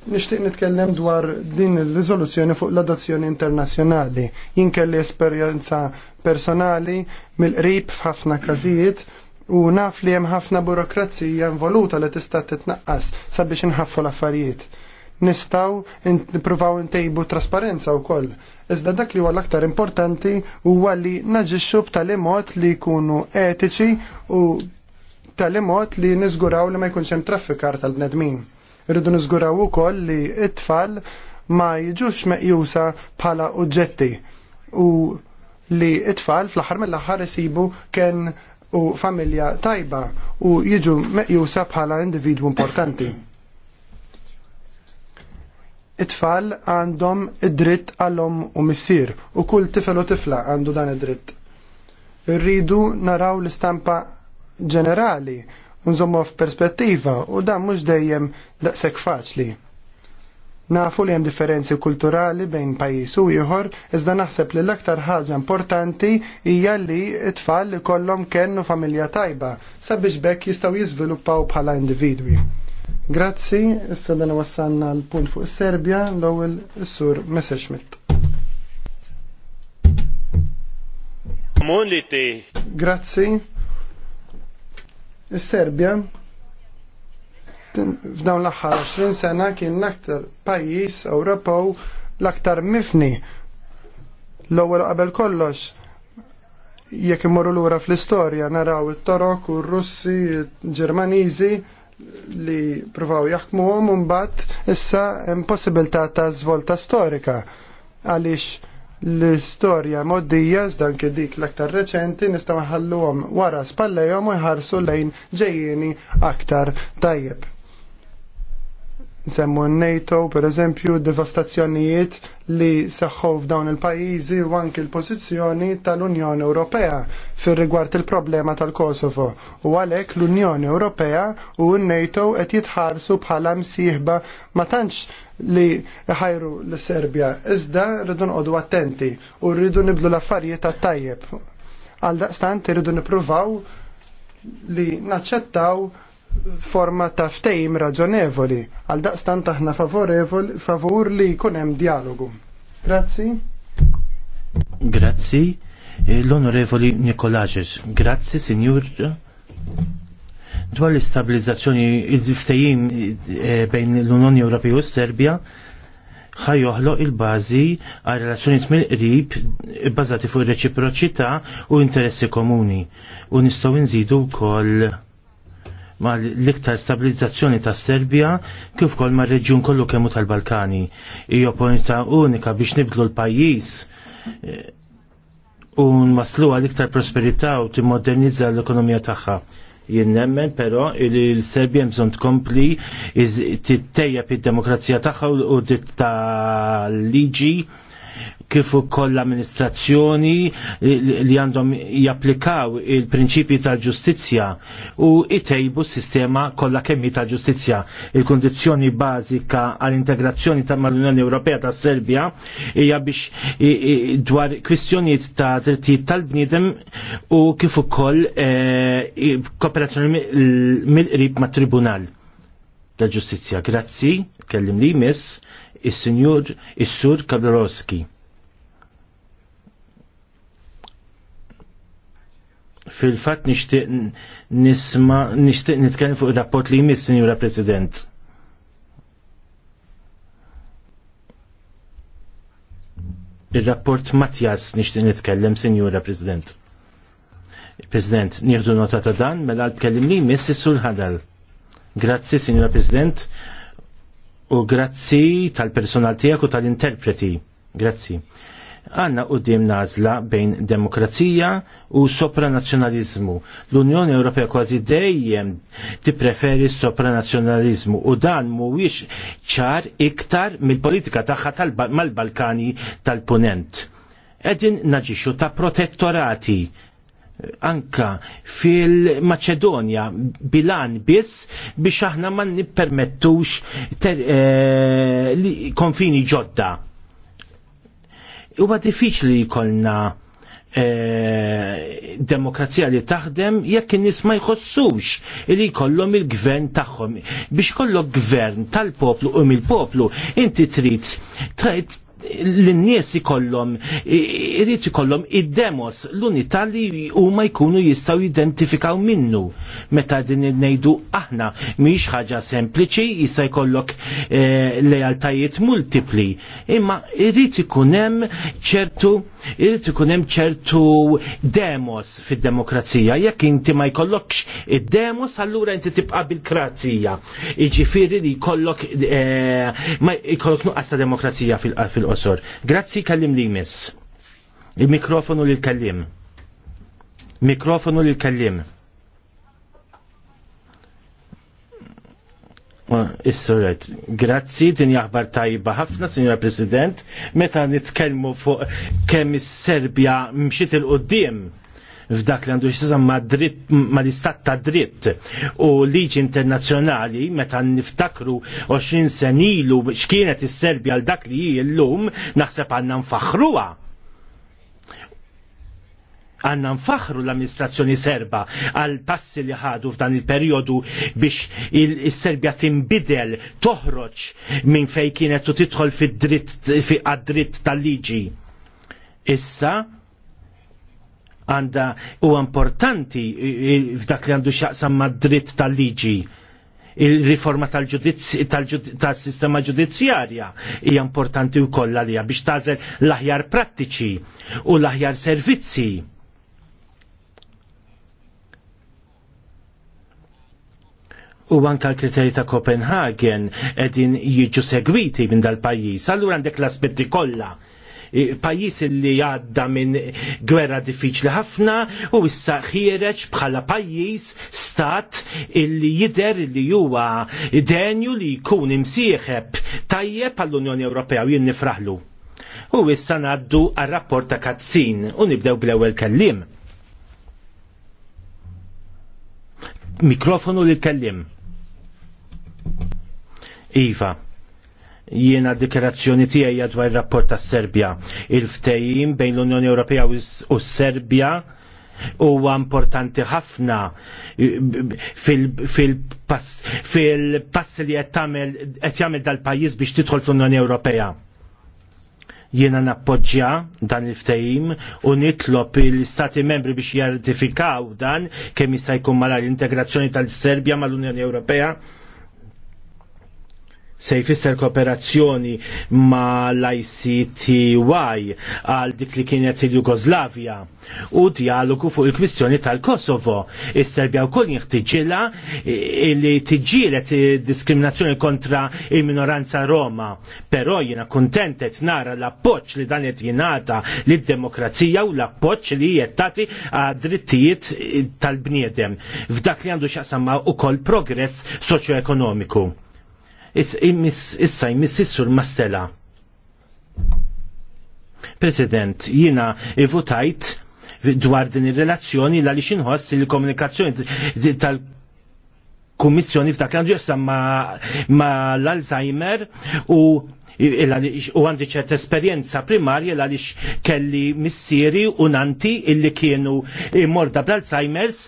Nishtiq nitkellem dwar din il-riżoluzzjoni fuq l-adozzjoni internazzjonali. Jien kelli esperjenza personali mill-qrib f'ħafna każijiet u naf li hemm ħafna burokrazija involuta li tista' titnaqqas sabiex inħaffu l-affarijiet nistaw nipruvaw ntejbu trasparenza u koll. Iżda dak li huwa l-aktar importanti huwa li naġixxu b'tali mod li jkunu etiċi u b'tali mod li niżguraw li ma jkunx hemm traffikar tal-bnedmin. Irridu niżguraw ukoll li it-tfal ma jiġux meqjusa bħala uġġetti u li it-tfal fl-aħħar mill-aħħar isibu kien u familja tajba u jiġu meqjusa bħala individwu importanti it-tfal għandhom id-dritt għallhom u missier u kull tifel u tifla għandu dan id-dritt. Rridu naraw l-istampa ġenerali unżommu f'perspettiva u dan mhux dejjem daqshekk faċli. Nafu li hemm differenzi kulturali bejn pajjiż u ieħor, iżda naħseb li l-aktar ħaġa importanti hija li t-tfal li kollhom kennu familja tajba sabiex bekk jistgħu jiżviluppaw bħala individwi. Grazzi, issa dan wassanna l-punt fuq Serbja l-ewwel is-sur Messerschmidt. Munliti. Grazzi. Is-Serbja f'dawn l-aħħar 20 sena kien l-aktar pajjiż Ewropew l-aktar mifni l-ewwel qabel kollox jekk imorru lura fl-istorja naraw it-Torok u r-Russi, il-Ġermaniżi li provaw jaħkmu għom bat issa impossibilta ta' zvolta storika għalix l-istorja moddija zdan dik l-aktar reċenti nistaw ħallu għom wara spallejom u jħarsu lejn ġejjeni aktar tajjeb. Semmu NATO, per eżempju, devastazzjonijiet li seħħu f'dawn il-pajjiżi u anki l-pożizzjoni tal-Unjoni Ewropea fir rigward il-problema tal-Kosovo. U għalhekk l-Unjoni Ewropea u n-NATO qed jitħarsu bħala msieħba ma tantx li ħajru l-Serbja. Iżda rridu nqogħdu attenti u rridu nibdlu l-affarijiet għat-tajjeb. Għaldaqstant irridu nippruvaw li naċċettaw forma ta' ftejm raġonevoli, għal daqstant aħna favorevol favur li jkun hemm dialogu. Grazzi. Grazzi. Eh, L-Onorevoli Nikolaġes, grazzi Sinjur dwar l-istabilizzazzjoni il-ftejim eh, bejn l-Unjoni Ewropea u s-Serbja ħaj il-bażi għal relazzjonijiet mill-qrib bbażati fuq reċiproċità u interessi komuni u nistgħu nżidu wkoll ma l-iktar stabilizzazzjoni ta' Serbia kif kol ma' reġjun kollu kemmu tal-Balkani. Ijo ponita unika biex nibdlu l-pajis eh, u maslu għal-iktar prosperità u timmodernizza l-ekonomija tagħha. Jien nemmen però li l-Serbja mżon tkompli tittejja id demokrazija tagħha u d-ditt ta' liġi kif ukoll l-amministrazzjoni li għandhom japplikaw il-prinċipji tal-ġustizzja u itejbu s-sistema kollha kemmi tal-ġustizzja. Il-kondizzjoni bażika għall-integrazzjoni ta' mal-Unjoni Ewropea ta' Serbja hija biex dwar kwistjonijiet ta' drittijiet tal-bniedem u kif ukoll eh, kooperazzjoni mill-qrib mat tribunal tal ġustizzja. Grazzi, kellim li miss is-Sinjur is-Sur Kablarowski. fil-fat nishtiq nisma nishtiq nitkellem fuq ir-rapport li jmiss Sinjura President. Ir-rapport Matjas nixtieq nitkellem Sinjura President. President, nieħdu nota ta' dan mela tkellim li jmiss is-sul ħadal. Grazzi Sinjura President u grazzi tal-personal tiegħek u tal-interpreti. Grazzi għanna u dim nazla bejn demokrazija u sopranazjonalizmu. L-Unjoni Ewropea kważi dejjem tippreferi sopranazjonalizmu u dan mhuwiex ċar iktar mill-politika tagħha mal-Balkani tal-Punent. Edin naġixu ta' protettorati anka fil-Maċedonja bilan biss biex aħna ma nippermettux eh, konfini ġodda huwa diffiċli jkollna eh, demokrazija li taħdem jekk in-nies ma jħossux li jkollhom il-gvern tagħhom. Biex kollok gvern tal-poplu u mill-poplu, inti trid l-nies ikollhom irid ikollhom id-demos l-unità li huma jkunu jistgħu jidentifikaw minnu meta din ngħidu aħna mhix ħaġa sempliċi jista' jkollok eh, lealtajiet multipli imma irid ikun hemm ċertu irid ikun hemm ċertu demos fid-demokrazija jekk inti ma jkollokx id-demos allura inti tibqa' bil-krazija. Jiġifieri li jkollok eh, ma jkollok nuqqas ta' demokrazija fil-qol qosor Grazzi kallim li jmiss. Il-mikrofonu li kallim. Mikrofonu li kallim. is grazzi, din jaħbar tajba ħafna, Signor President, meta nitkellmu fuq kemm is-Serbja mxiet il-qoddim f'dak li għandu xisam ma, ma l-istat ta' dritt u liġi internazzjonali meta niftakru 20 sen ilu x'kienet is-Serbja għal dak li hi llum naħseb għandna nfaħruha. għanna nfaħru l-amministrazzjoni serba għal passi li ħadu f'dan il-periodu biex il-Serbja timbidel toħroġ minn fej kienet u tidħol fi għad-dritt tal-liġi. Issa għanda u importanti f'dak li għandu xaqsam mad dritt tal-liġi il-riforma tal-sistema ġudizzjarja hija importanti wkoll għalija biex tażel l-aħjar prattiċi u l-aħjar servizzi. u anka l-kriterji ta' Copenhagen edin jiġu segwiti minn dal-pajjiż. Allura għandek l-aspetti kollha pajis li għadda minn gwerra diffiċli ħafna u issa ħireġ bħala pajjiż stat illi jidher li huwa denju li jkun imsieħeb tajjeb għall-Unjoni Ewropea u jien nifraħlu. U issa ngħaddu għar-rapport ta' Kazzin u nibdew bl-ewwel kellim. Mikrofonu lil kellim. Iva jiena dikerazzjoni tiegħi dwar ir-rapport tas-Serbja. Il-ftehim bejn l-Unjoni Ewropea u s-Serbja huwa importanti ħafna fil-pass li qed jagħmel dal-pajjiż biex tidħol fl-Unjoni Ewropea. Jiena nappoġġja dan il-ftehim u nitlob l-Istati membri biex jartifikaw dan kemm jista' jkun mala l-integrazzjoni tal-Serbja mal-Unjoni Ewropea se jfisser kooperazzjoni ma l-ICTY għal dik li kienet il-Jugoslavja u dialogu fuq il-kwistjoni tal-Kosovo. Is-Serbja wkoll jeħtiġilha e, li tiġilet diskriminazzjoni kontra il-minoranza Roma. Però jiena kuntent qed nara l-appoġġ li dan qed jingħata lid-demokrazija u l-appoġġ li qed tagħti għad drittijiet tal-bniedem. F'dak li għandu x'aqsam ukoll progress soċjoekonomiku issa jmiss issur mastela. President, jina votajt dwar din ir-relazzjoni l għaliex inħoss il-komunikazzjoni tal- kummissjoni f'dak għandu jessam ma, l-Alzheimer u u għandi ċert esperienza primarja l għaliex kelli missieri u nanti illi kienu morda bl-Alzheimer's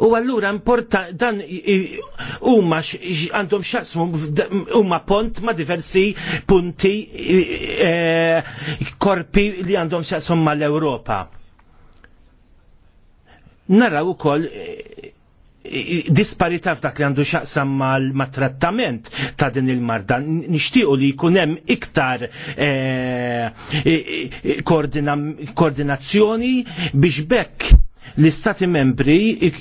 U allura importa dan huma għandhom xaqsmu huma pont ma' diversi punti e, korpi li għandhom xaqsmu mal-Ewropa. Naraw ukoll e, e, disparita f'dak li għandu xaqsam mal-trattament ta' din il-marda. Nishtiqu li jkunem iktar koordinazzjoni biex bekk l-istati membri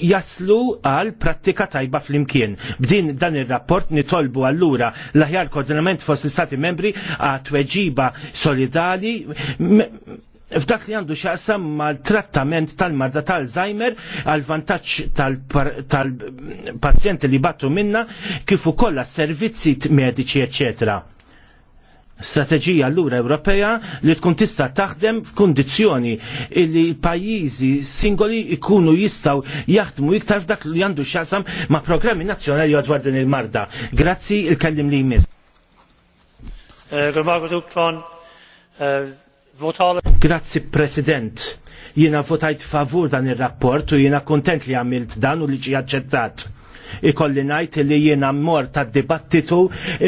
jaslu għal prattika tajba fl-imkien. B'din dan il-rapport nitolbu allura l-aħjar koordinament fost l-istati membri għat weġiba solidali f'dak li għandu xaqsam mal trattament tal-marda tal zajmer għal vantaġġ tal-pazjenti li battu minna kif ukoll servizzi medici eccetera strateġija lura Ewropea li tkun tista' taħdem f'kundizzjoni li pajjiżi singoli jkunu jistgħu jaħdmu iktar f'dak li għandu x'jaqsam ma' programmi nazzjonali għadwar din il-marda. Grazzi il-kellim li jmiss. Grazzi President. Jiena votajt favur dan ir-rapport u jiena kuntent li għamilt dan u li ġi aċċettat ikolli ngħid li jiena mmor tad-dibattitu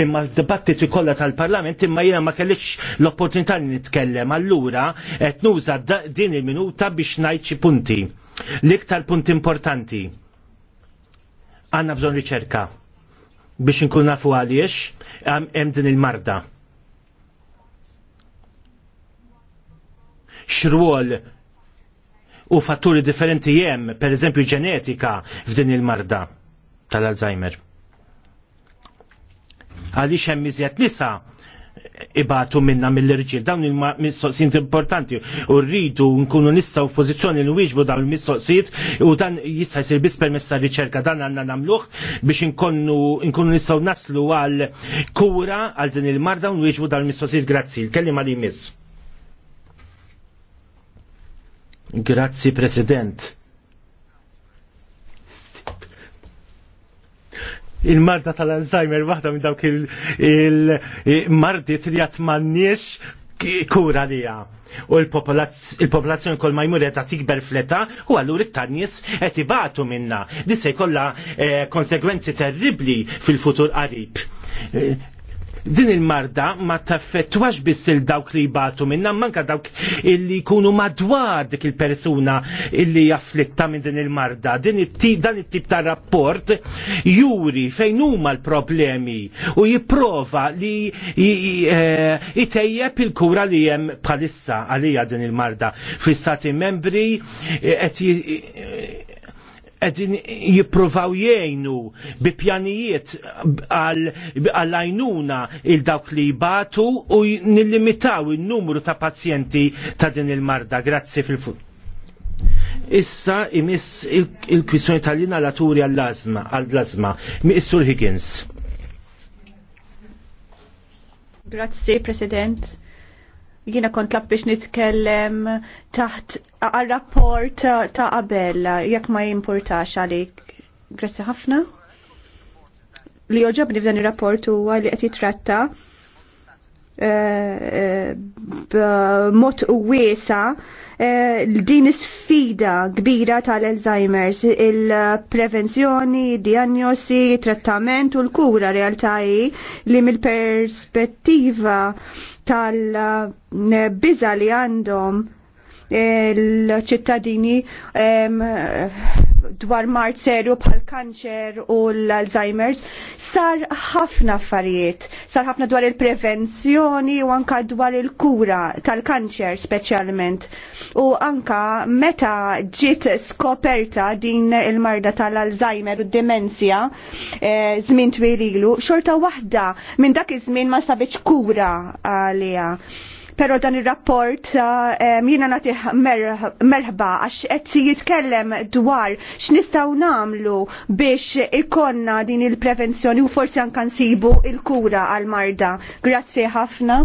imma d-dibattitu kollha tal-Parlament imma jiena ma kellix l-opportunità li nitkellem. Allura qed nuża din il-minuta biex ngħid xi punti. L-iktar punt importanti. Għanna bżon riċerka biex nkun nafu għaliex hemm din il-marda. X'rwol u fatturi differenti jem, per eżempju ġenetika f'din il-marda tal-Alzheimer. Għaliex hemm iżjed nisa ibatu minna mill-irġiel. Dawn il-mistoqsijiet importanti u rridu nkunu nistaw f'pożizzjoni li wieġbu dawn il-mistoqsijiet u dan jista' jsir biss permezz ta' riċerka dan għandna nagħmluh biex nkunu nkunu nistgħu naslu għal kura għal din il-marda u nwieġbu dawn il-mistoqsijiet grazzi. Kellim għal miss. Grazzi President il-marda tal-Alzheimer waħda minn dawk il-mardiet li għat m'għandniex kura liha. U il-popolazzjoni kol ma jmur qed tikber fleta u allura iktar nies qed ibatu minna. Disse kolla jkollha eh, konsekwenzi terribli fil-futur qarib. Eh, din il-marda ma taffettwax biss il dawk li jibatu minna manka dawk illi jkunu madwar dik il-persuna illi jafflitta minn din il-marda. Din dan it-tip ta' rapport juri fejn huma l-problemi u jipprova li jitejjeb e, il-kura li hemm bħalissa għalija din il-marda. Fl-istati membri e, edin jipprovaw jgħinu bi pjanijiet għal-għajnuna il-dawk li jibatu u nillimitaw il-numru ta' pazjenti ta' din il-marda. Grazzi fil-fut. Issa imiss il-kwissjoni il tal-lina l-aturi għall-lazma, Mr. Higgins. Grazie, President. Jina kont lappix biex nitkellem taħt għal-rapport ta' qabel, jekk ma jimportax għalik. Grazzi ħafna. Li joġobni f'dan il-rapport huwa li qed jitratta Eh, eh, b'mod wiesa eh, din sfida kbira tal-Alzheimer's, il-prevenzjoni, diagnosi, trattament u l-kura realtaji li mill-perspettiva tal-biza li għandhom l-ċittadini dwar mart serju bħal kanċer u l-Alzheimer's, sar ħafna affarijiet, sar ħafna dwar il-prevenzjoni u anka dwar il-kura tal-kanċer speċjalment. U anka meta ġiet skoperta din il-marda tal-Alzheimer u d-demenzja eh, żmien zmin twililu, xorta waħda minn dak iż-żmien ma sabitx kura għaliha. Pero dan il-rapport eh, jina natiħ merħba għax etzi jitkellem dwar x'nistgħu namlu biex ikonna din il-prevenzjoni u forsi anke nsibu il-kura għal-marda. Grazzi ħafna.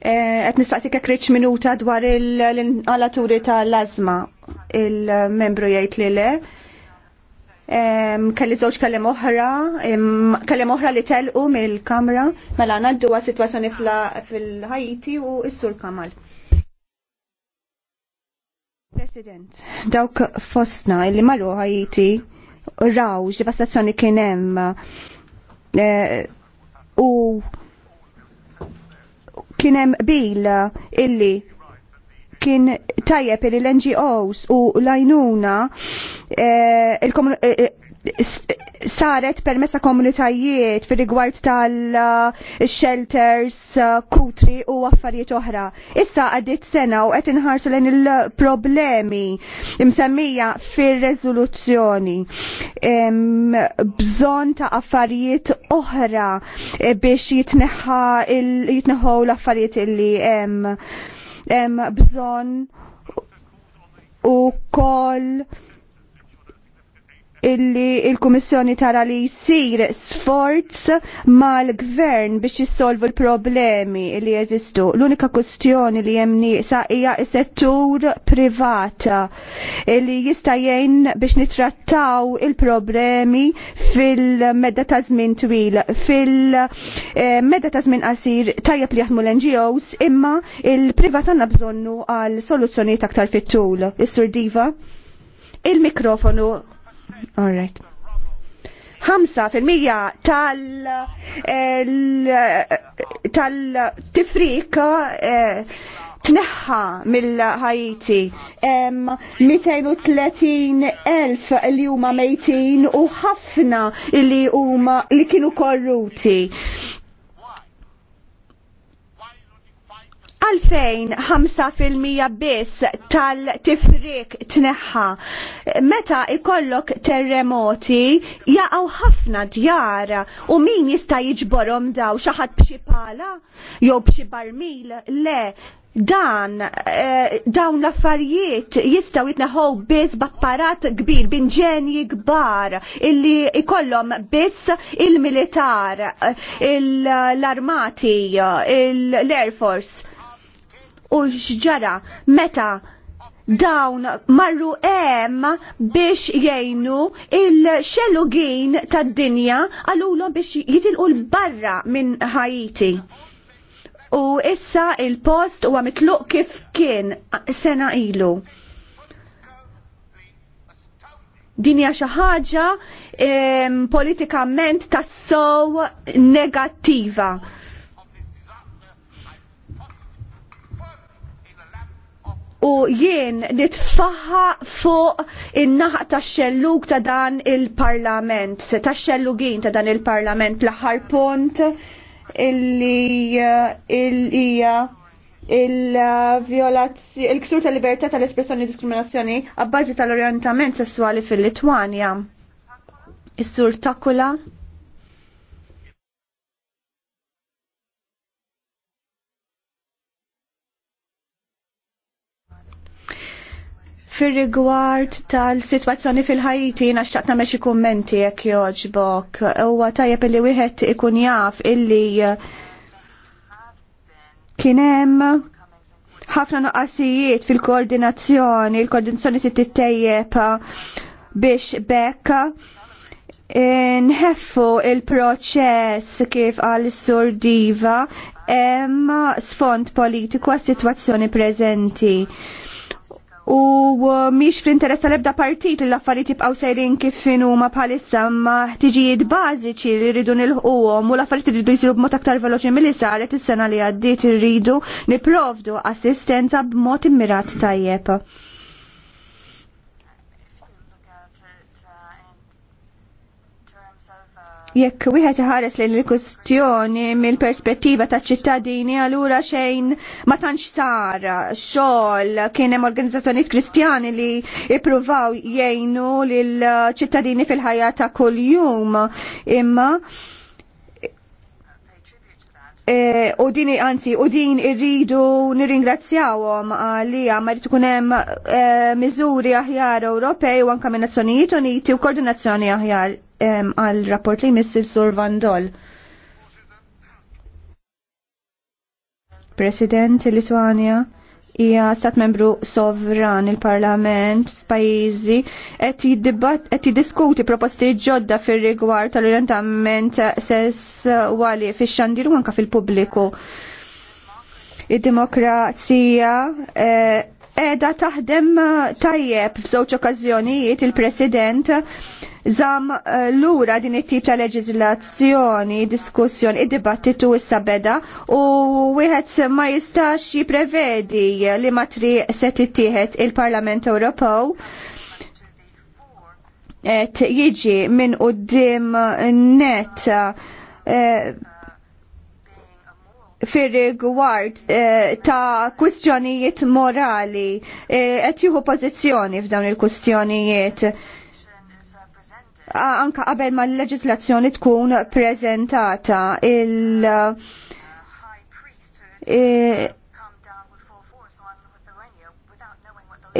Et eh, nistaqsi kek riċ minuta dwar l-inqalaturi tal-azma il-membru jgħid li le kelli żewġ kellem oħra, kellem oħra li telqu mill-kamra, mela ngħaddu għas sitwazzjoni fil-Ħajti u s-Sur Kamal. President, dawk fostna li marru Ħajti raw devastazzjoni kien hemm eh, u kien hemm bil illi kien tajjeb il ngos u l-għajnuna eh, eh, eh, saret permessa komunitajiet fil rigward tal-shelters, kutri u affarijiet oħra. Issa għaddit sena u qed inħarsu lejn il-problemi msemmija fir rezoluzzjoni Bżon ta' affarijiet oħra biex jitneħħa jitneħħu l-affarijiet illi hemm hemm bżonn ukoll illi il-Kummissjoni tara li jisir sforz mal-gvern biex jissolvu l-problemi li jeżistu. L-unika kustjoni li hemm sa hija s-settur privata li jista' jgħin biex nitrattaw il-problemi fil-medda ta' żmien twil. Fil-medda ta' żmien qasir tajjeb li jaħdmu l-NGOs imma il-privat għandna bżonnu għal soluzzjonijiet aktar fit-tul. Is-Sur Diva, il-mikrofonu All right. 5% tal tal tifrik eh, tneħħa mill-ħajti. 230 elf li huma mejtin u ħafna li huma li kienu korruti. Għalfejn 5% biss tal-tifrik tneħħa. Meta ikollok terremoti jaqaw ħafna djar u min jista' jiġborhom daw xi ħadd b'xi pala jew b'xi barmil le dan eh, dawn l-affarijiet jistaw jitnaħow biss b'apparat kbir, b'inġenji kbar illi ikollhom biss il-militar, eh, l-armati, eh, il l-air force u xġara meta dawn marru em biex jgħinu il-xelugin tad dinja għallulhom biex jitilqu l-barra minn ħajiti. U issa il-post huwa mitluq kif kien sena ilu. Dinja xi ħaġa politikament tassow negattiva u jien nitfaħħa fuq in-naħaq tax-xellug ta' dan il-Parlament, tax-xellugin ta' dan il-Parlament l-aħħar punt illi eh, hija il violazzi il-ksur tal-libertà tal-espressjoni diskriminazzjoni għabbażi tal-orientament sessuali fil-Litwanja. Is-sur Takula? Fir-rigward tal-sitwazzjoni fil-Ħajti naxtaqt nagħmel xi kummenti jekk joġbok. Huwa tajjeb li wieħed ikun jaf illi uh, kien hemm ħafna nuqqasijiet fil-koordinazzjoni, il-koordinazzjoni tittejjeb uh, biex bekka uh, nħeffu il-proċess kif għal sur diva hemm sfond politiku għas-sitwazzjoni preżenti u uh, miex fl-interess tal-ebda partit l-affarijiet jibqgħu sejrin kif huma bħalissa ma ħtiġijiet bażiċi li rridu nilħuhom u l-affarijiet irridu jsiru b'mod aktar veloċi milli saret is-sena li għaddiet irridu nipprovdu assistenza b'mod immirat tajjeb. jekk wieħed iħares lejn il-kustjoni mill-perspettiva ta' ċittadini allura xejn ma tantx sar xogħol kien hemm organizzazzjonijiet Kristjani li ippruvaw jgħinu lil ċittadini fil-ħajja ta' kuljum imma E, u din anzi u din irridu nirringrazzjawhom għalija ma rid ikun hemm e, miżuri aħjar Ewropej u anke minn Nazzjonijiet Uniti u koordinazzjoni aħjar e, għal rapport li jmiss sur Van Dol. President Lituania hija stat membru sovran il-Parlament f'pajjiżi qed jiddiskuti proposti ġodda fir-rigward tal-orientament sesswali fix-xandir u anke fil-pubbliku. Id-demokrazija eh, edha taħdem uh, tajjeb f'żewġ okkażjonijiet il-President żamm uh, lura din it-tip ta' leġiżlazzjoni, diskussjoni, id-dibattitu issa beda u wieħed ma jistax jipprevedi li ma triq se tittieħed il-Parlament Ewropew qed jiġi minn qudiem net uh, fir-rigward eh, ta' kwistjonijiet morali eh, qed jieħu pożizzjoni f'dawn il-kwistjonijiet anka qabel ma l-leġislazzjoni tkun preżentata il eh,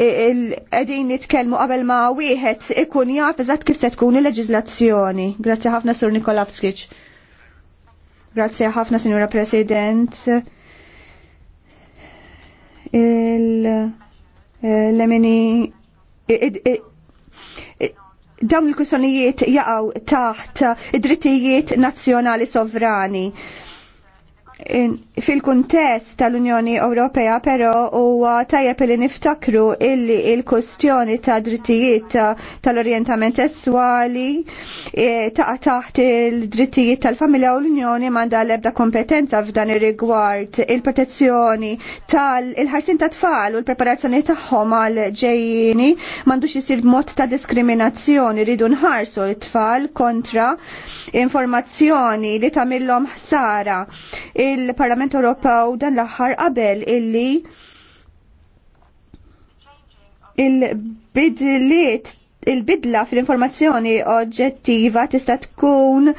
il-edin nitkelmu qabel ma wieħed ikun jaf eżatt kif se tkun il leġislazzjoni Grazzi ħafna Sur Nikolavskiċ. Grazie ħafna, Signora President. Il-lemini eh, dawn il-kwistjonijiet jaqgħu taħt id-drittijiet nazzjonali sovrani fil-kuntest tal-Unjoni Ewropea però huwa tajjeb li niftakru illi il-kustjoni ta' drittijiet tal-orjentament sessuali e, ta' taħt il-drittijiet tal-familja u l-Unjoni manda l-ebda kompetenza f'dan ir-rigward il-protezzjoni tal-ħarsin ta' tfal u l-preparazzjoni tagħhom għal ġejjini m'għandux isir mod ta' diskriminazzjoni rridu nħarsu t-tfal kontra informazzjoni li tamillom ħsara. Il-Parlament Ewropew dan l-aħħar qabel illi il-bidliet il-bidla fil-informazzjoni oġġettiva tista' tkun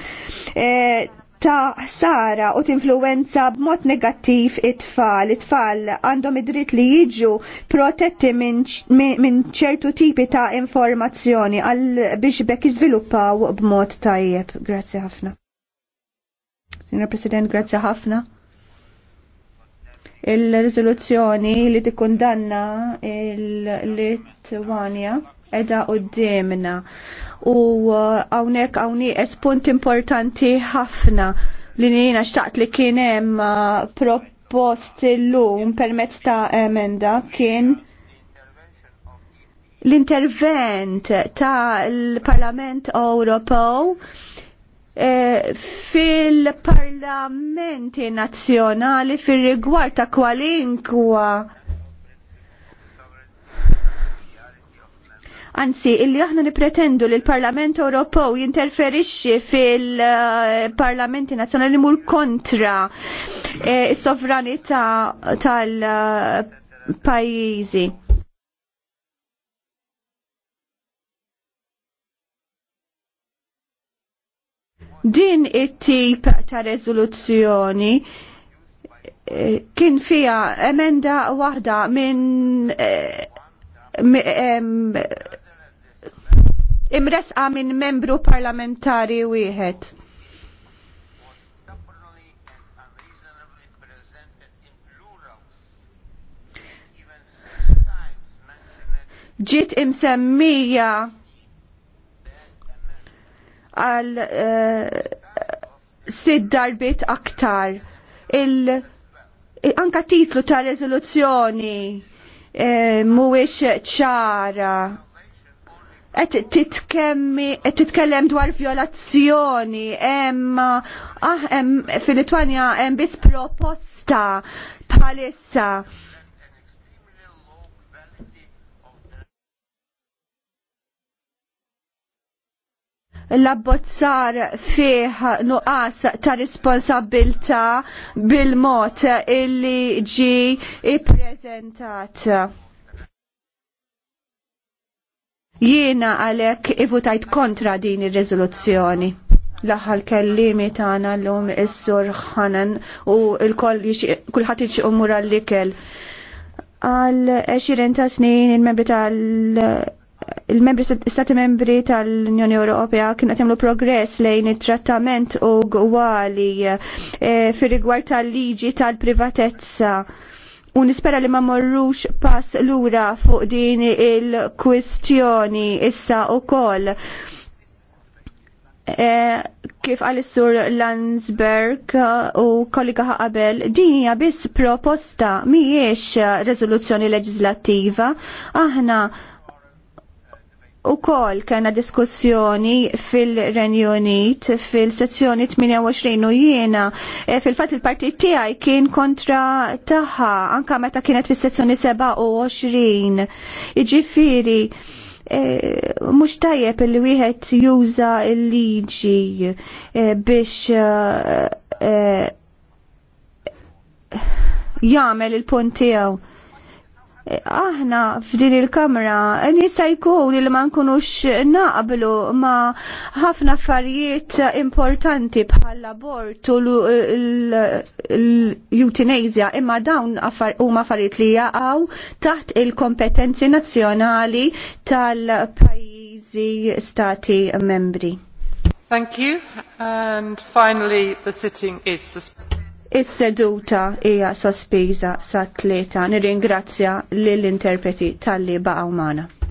eh, ta' ħsara u tinfluwenza b'mod negattiv it-tfal. It-tfal għandhom id-dritt li jiġu protetti minn ċertu tipi ta' informazzjoni għal biex bekk iżviluppaw b'mod tajjeb. Grazzi ħafna. Signor President, grazzi ħafna il-rezoluzzjoni li tikkundanna il litwania edha u d-demna. Uh, u għawnek għawni espunt importanti ħafna li nina xtaqt li kienem uh, propost l-lum permezz ta' emenda kien l-intervent ta' l-Parlament Ewropew eh, fil-parlamenti nazzjonali fil-rigward ta' kwalinkwa anzi illi aħna nipretendu li l-Parlament Ewropew jinterferixxi fil-Parlamenti Nazzjonali mur kontra eh, s-sovranità tal-pajjiżi. Din it-tip ta' rezoluzzjoni eh, kien fija emenda waħda minn eh, imresqa minn membru parlamentari wieħed. ġiet imsemmija għal eh, sid darbit aktar il anka titlu ta' rezoluzzjoni eh, mhuwiex ċara qed titkemmi qed titkellem dwar violazzjoni hemm ah hemm fil-Litwanja hemm biss proposta bħalissa l-abbozzar fih nuqqas ta' responsabilta bil-mod illi ġi ippreżentat. Jiena għalek ivutajt kontra din ir-riżoluzzjoni l-aħħar tana tagħna llum is-sur Ħanan u l-koll kulħadd ixi umura l-ikel. Għal 20 ta' snin il-membri tal- il-membri stati membri tal-Unjoni Ewropea kien qed jagħmlu progress lejn it-trattament u gwali e, fir-rigward tal-liġi tal-privatezza. tal liġi tal privatezza U nispera li ma morrux pass lura fuq din il-kwistjoni issa u koll. E, kif għal-sur Landsberg u kollega ħaqabel, din hija biss proposta mhijiex rezoluzzjoni leġislattiva. Aħna U kol kena diskussjoni fil-Renjonit fil-sezzjoni 28 u jiena e, fil-fat il-partit tiegħi kien kontra taħa anka meta kienet fil-sezzjoni 27. Iġifiri, e, mux tajjeb il wieħed juża il-liġi e, biex e, e jagħmel il-punt tiegħu aħna f'din il-kamra nista' jkun li ma nkunux naqblu ma ħafna affarijiet importanti bħal abort u l-eutanasja imma dawn huma affarijiet li jaqgħu taħt il-kompetenzi nazzjonali tal-pajjiżi stati membri. Thank you. And finally, the sitting is suspended. Is-seduta hija sospiża sa tlieta. Nirringrazzja lill-interpreti tal-li baqgħu